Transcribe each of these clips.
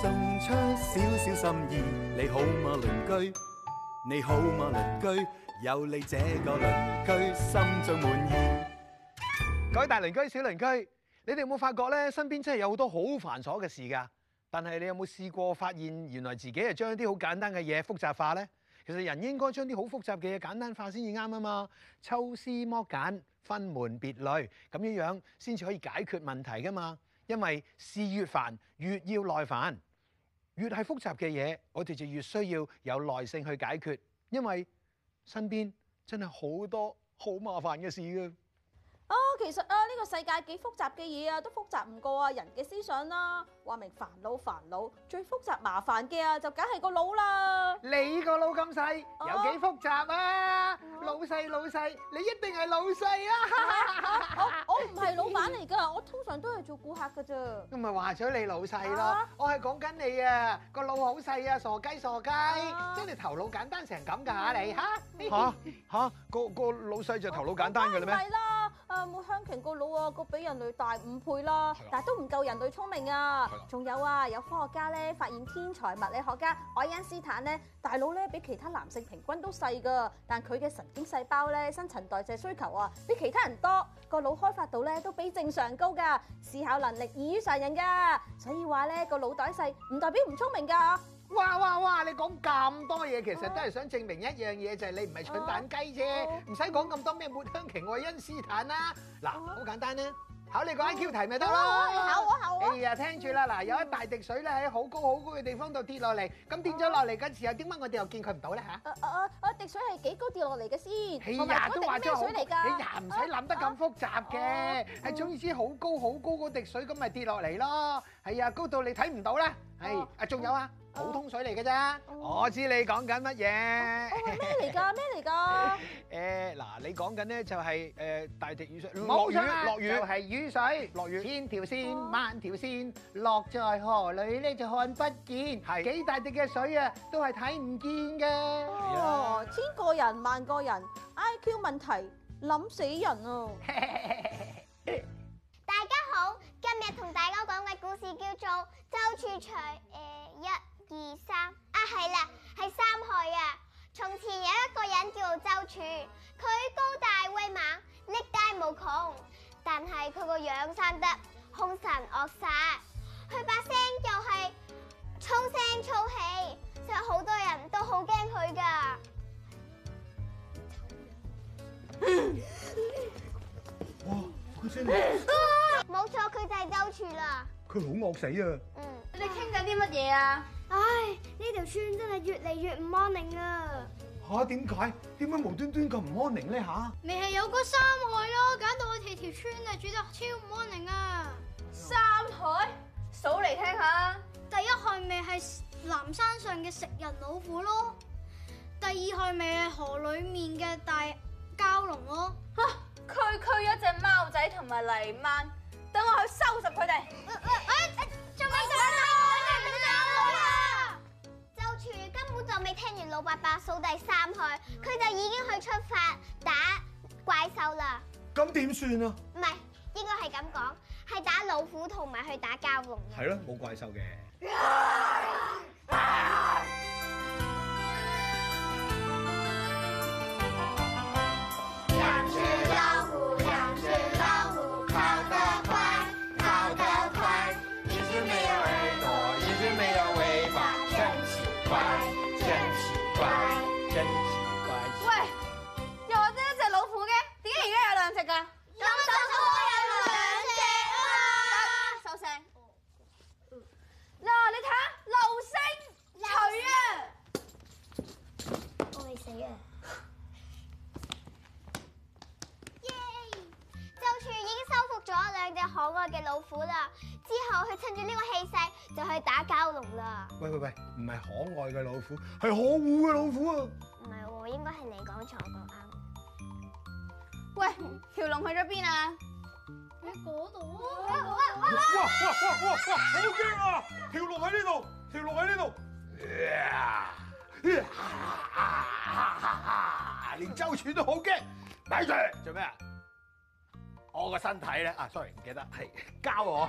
送出少少心意，你好嗎鄰居？你好嗎鄰居？有你這個鄰居，心中滿意。各位大鄰居、小鄰居，你哋有冇發覺咧？身邊真係有好多好繁瑣嘅事噶，但係你有冇試過發現，原來自己係將一啲好簡單嘅嘢複雜化咧？其實人應該將啲好複雜嘅嘢簡單化先至啱啊嘛！抽絲剝繭、分門別類咁樣樣，先至可以解決問題噶嘛。因為事越煩，越要耐煩。越係複雜嘅嘢，我哋就越需要有耐性去解決，因為身邊真係好多好麻煩嘅事。啊，其實啊，呢個世界幾複雜嘅嘢啊，都複雜唔過啊人嘅思想啦。話明煩惱煩惱，最複雜麻煩嘅啊，就梗係個腦啦。你個腦咁細，有幾複雜啊？老細老細，你一定係老細啊！我我唔係老闆嚟噶，我通常都係做顧客噶啫。咁咪話咗你老細咯，我係講緊你啊！個腦好細啊，傻雞傻雞，即係你頭腦簡單成咁噶嚇你嚇嚇嚇！個個老細就頭腦簡單㗎啦咩？係啦！啊！抹香鯨個腦啊，個比人類大五倍啦，但係都唔夠人類聰明啊！仲有啊，有科學家咧發現天才物理學家愛因斯坦咧，大腦咧比其他男性平均都細噶，但佢嘅神經細胞咧新陳代謝需求啊，比其他人多，個腦開發度咧都比正常高噶，思考能力異於常人噶，所以話咧個腦袋細唔代表唔聰明噶。哇哇哇！你講咁多嘢，其實都係想證明一樣嘢，就係你唔係蠢蛋雞啫，唔使講咁多咩抹香鯨愛因斯坦啦。嗱，好簡單啦，考你個 IQ 題咪得咯，考我考我。哎呀，聽住啦，嗱，有一大滴水咧喺好高好高嘅地方度跌落嚟，咁跌咗落嚟嗰時，又點解我哋又見佢唔到咧嚇？啊啊啊！滴水係幾高跌落嚟嘅先？我話咩水嚟㗎？你呀唔使諗得咁複雜嘅，係總意思好高好高個滴水咁咪跌落嚟咯。係啊，高度你睇唔到啦。係啊，仲有啊。普通水嚟嘅啫，我知你講緊乜嘢？我話咩嚟㗎？咩嚟㗎？誒嗱，你講緊咧就係誒大滴雨水，落雨，落雨就係雨水，落雨。千條線萬條線，落在河裏呢就看不見，係幾大滴嘅水啊，都係睇唔見嘅。哦，千個人萬個人，IQ 問題諗死人啊！大家好，今日同大家講嘅故事叫做《周處除誒一》。二三啊，係啦，係三害啊！從前有一個人叫做周處，佢高大威猛，力大無窮，但係佢個樣生得凶神惡煞，佢把聲就係粗聲粗氣，所以好多人都好驚佢噶。哇！佢真係，冇錯，佢就係周處啦。佢好惡死啊！嗯，你哋傾緊啲乜嘢啊？唉，呢條村真係越嚟越唔安寧啊，啊！吓，點解，啊？點解無端端咁唔安寧呢，啊？吓，啊，咪係有嗰三害咯，搞到我哋條村啊住得超唔安寧啊！三害數嚟聽下，啊，第一害咪係南山上嘅食人老虎咯，第二害咪係河裏面嘅大蛟龍咯，吓，啊，區區一隻貓仔同埋泥猛，等我去收拾佢哋。啊啊啊就未聽完老伯伯數第三去，佢就已經去出發打怪獸啦。咁點算啊？唔係，應該係咁講，係打老虎同埋去打蛟龍。係咯，冇怪獸嘅。啊啊真真真喂，又多一隻老虎嘅，點解而家有兩隻噶？有啊，有兩隻啊！收、哦、聲。嗱、嗯，你睇下流星錘啊！我未死啊！耶、yeah,！就算已經收服咗兩隻可愛嘅老虎啦。之後佢趁住呢個氣勢就去打蛟龍啦！喂喂喂，唔係可愛嘅老虎，係可惡嘅老虎啊！唔係喎，應該係你講錯咗啱。喂，條龍去咗邊啊？喺嗰度。哇哇哇哇哇！好驚啊！條龍喺呢度，條龍喺呢度。連周處都好驚，擺住做咩啊？我個身體咧啊，sorry，唔記得係膠我。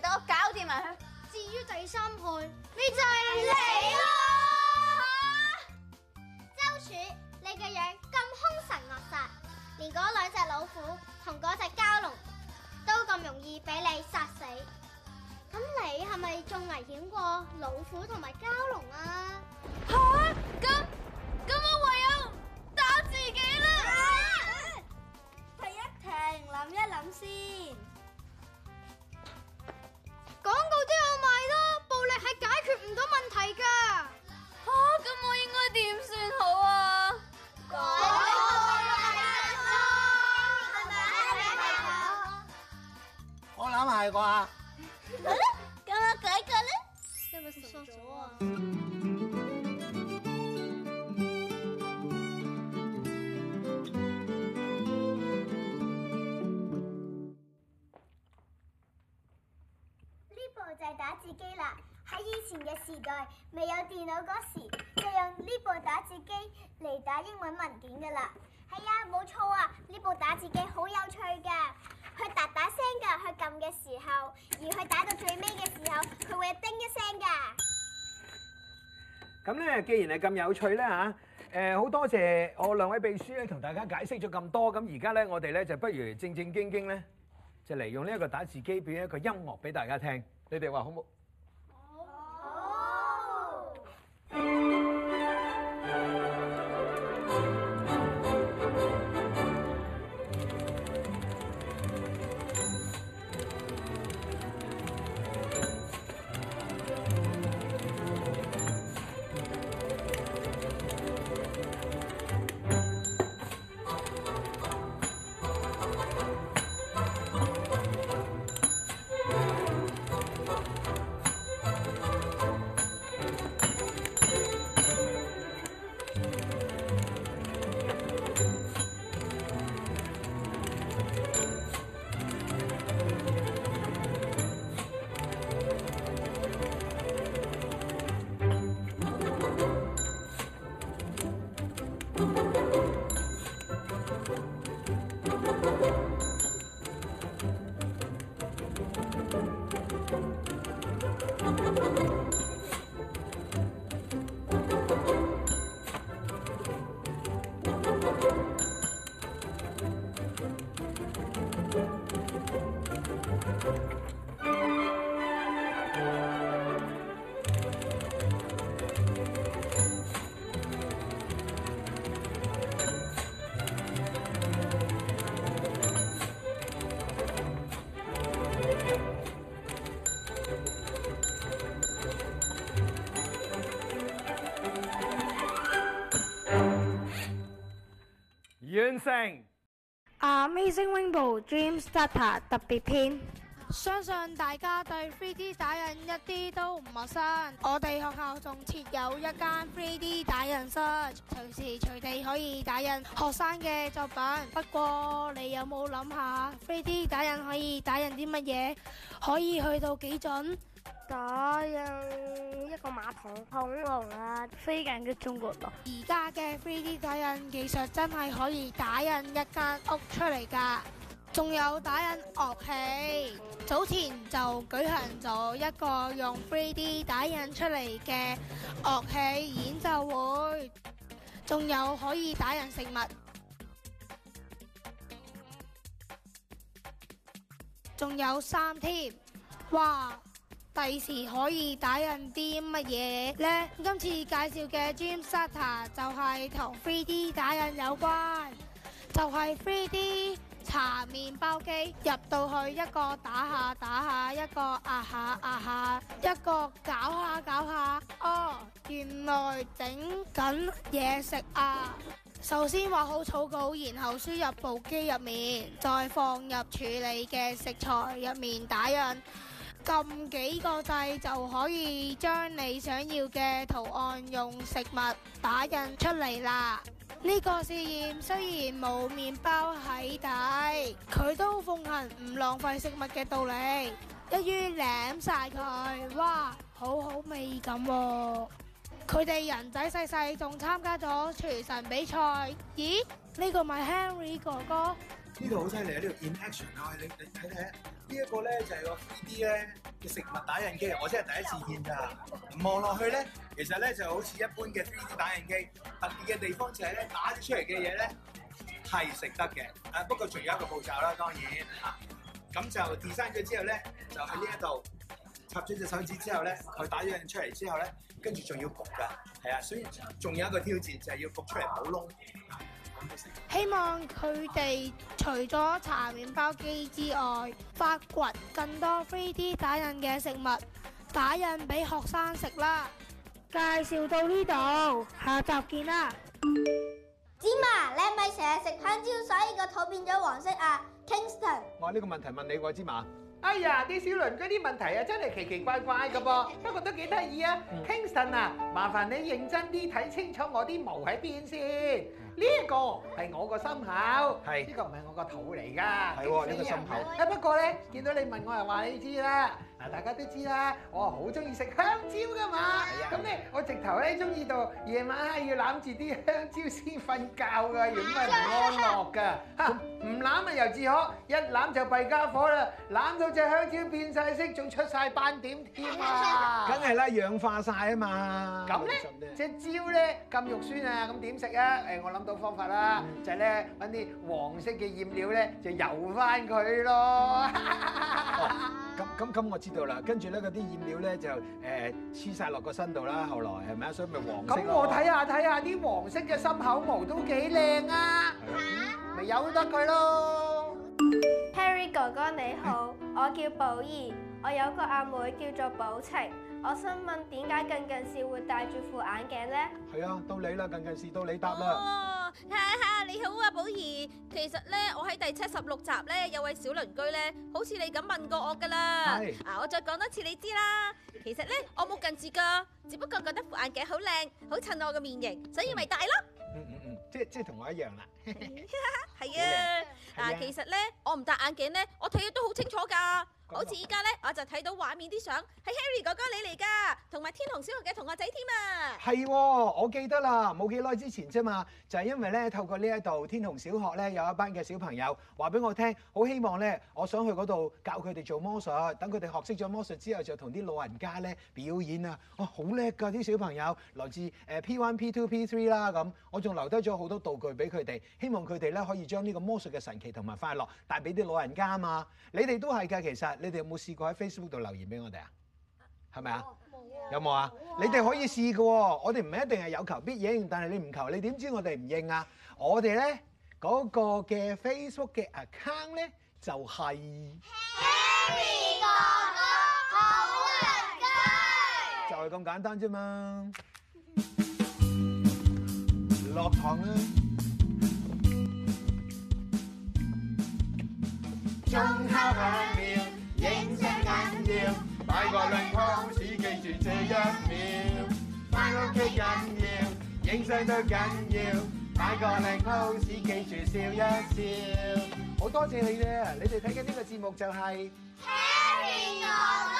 搞掂埋佢。至於第三害，你就嚟啊！周處，你嘅樣咁兇神惡煞，連嗰兩隻老虎同嗰隻蛟龍都咁容易俾你殺死，咁你係咪仲危險過老虎同埋蛟龍啊？嚇！咁咁我唯有打自己啦。停一停，諗一諗先。啩？咁啊，改佢啦。呢部就係打字機啦。喺以前嘅時代，未有電腦嗰時，就用呢部打字機嚟打英文文件㗎喇。係啊，冇錯啊，呢部打字機好有趣㗎。佢撳嘅時候，而佢打到最尾嘅時候，佢會叮一聲噶。咁咧，既然係咁有趣咧嚇，誒好多謝我兩位秘書咧，同大家解釋咗咁多，咁而家咧，我哋咧就不如正正經經咧，就嚟用呢一個打字機，俾一個音樂俾大家聽。你哋話好唔好？《Amazing Rainbow Dream Starter》特別篇。 相信大家對 3D 打印一啲都唔陌生。我哋學校仲設有一間 3D 打印室，隨時隨地可以打印學生嘅作品。不過，你有冇諗下 3D 打印可以打印啲乜嘢？可以去到幾準？打印一個馬桶恐龍啊！飛緊嘅中國龍！而家嘅 3D 打印技術真係可以打印一間屋出嚟噶，仲有打印樂器，早前就舉行咗一個用 3D 打印出嚟嘅樂器演奏會，仲有可以打印食物，仲有三添，哇！第時可以打印啲乜嘢呢？今次介紹嘅 g a m e s a t a 就係同 three D 打印有關，就是 3D，就係 three D 茶麵包機入到去，一個打下打下，一個壓下壓下，一個搞下搞下，哦，原來整緊嘢食啊！首先畫好草稿，然後輸入部機入面，再放入處理嘅食材入面打印。撳幾個掣就可以將你想要嘅圖案用食物打印出嚟啦！呢個試驗雖然冇麵包喺底，佢都奉行唔浪費食物嘅道理，一於舐晒佢。哇，好好味咁、啊！佢哋人仔細細仲參加咗廚神比賽。咦？呢個咪 Harry 哥哥？呢度好犀利啊！呢度 in action 啊，你你睇睇，呢一個咧就係個 3D 咧嘅食物打印機啊！我真係第一次見㗎。望落去咧，其實咧就好似一般嘅 3D 打印機，特別嘅地方就係咧打咗出嚟嘅嘢咧係食得嘅。誒不過仲有一個步驟啦，當然嚇。咁就 design 咗之後咧，就喺呢一度插咗隻手指之後咧，佢打印出嚟之後咧，跟住仲要焗㗎。係啊，所以仲有一個挑戰就係要焗出嚟冇窿。希望佢哋除咗查麵包機之外，發掘更多 3D 打印嘅食物，打印俾學生食啦。介紹到呢度，下集見啦。芝麻，你係咪成日食香蕉，所以個肚變咗黃色啊？Kingston，我呢、呢個問題問你喎，芝麻。哎呀，啲小鄰居啲問題啊，真係奇奇怪怪噶噃， 不過都幾得意啊。 Kingston 啊，麻煩你認真啲睇清楚我啲毛喺邊先。呢、這、一個係我個心口，係呢、這個唔係我個肚是的、這個肚嚟㗎，係喎呢個心口。誒不過咧，見到你問我你，又話你知啦。嗱，大家都知啦，我好中意食香蕉噶嘛。咁咧，我直頭咧中意到夜晚啊，要攬住啲香蕉先瞓覺噶，如果唔安樂噶。嚇，唔攬啊猶自可，一攬就弊家伙啦。攬到隻香蕉變晒色，仲出晒斑點，添！梗係啦，氧化晒啊嘛。咁咧，隻蕉咧咁肉酸啊，咁點食啊？誒，我諗到方法啦、嗯，就咧揾啲黃色嘅醃料咧，就油翻佢咯。咁咁咁， 哦、我到啦，跟住咧嗰啲染料咧就誒黐晒落個身度啦，後來係咪啊？所以咪黃色。咁我睇下睇下啲黃色嘅心口毛都幾靚啊！嚇，咪、嗯、由得佢咯。Harry 哥哥你好，我叫寶儀， 我有個阿妹，妹叫做寶晴，我想問點解近近視會戴住副眼鏡咧？係啊，到你啦，近近視到你答啦。哦哈哈，你好啊，寶兒，其實咧我喺第七十六集咧有位小鄰居咧，好似你咁問過我噶啦。係，啊我再講多次你知啦。其實咧我冇近視噶，只不過覺得副眼鏡好靚，好襯我嘅面型，所以咪戴咯。嗯嗯嗯，即係即係同我一樣啦。係 啊，啊，啊其實咧我唔戴眼鏡咧，我睇嘢，都好清楚噶。好似依家咧，我就睇到畫面啲相係 Harry 哥哥你嚟㗎，同埋天虹小學嘅同學仔添啊！係、哦，我記得啦，冇幾耐之前啫嘛，就係因為咧透過呢一度天虹小學咧有一班嘅小朋友話俾我聽，好希望咧我想去嗰度教佢哋做魔術，等佢哋學識咗魔術之後就同啲老人家咧表演啊！哇、啊，好叻㗎啲小朋友，來自誒 P One、P、呃、Two、P Three 啦咁，我仲留低咗好多道具俾佢哋，希望佢哋咧可以將呢個魔術嘅神奇同埋快樂帶俾啲老人家嘛。你哋都係㗎，其實～你哋有冇試過喺 Facebook 度留言俾我哋啊？係咪啊？有冇啊？你哋可以試嘅喎，我哋唔一定係有求必應，但係你唔求，你點知我哋唔應啊？我哋咧嗰個嘅 Facebook 嘅 account 咧就係 HARRY 哥哥好運雞，就係咁簡單啫嘛。落堂啦，中考去。擺個靚 pose，記住這一秒，翻屋企緊要，影相都緊要，擺個靚 pose，記住笑一笑。好多謝你哋啊，你哋睇緊呢個節目就係 Harry。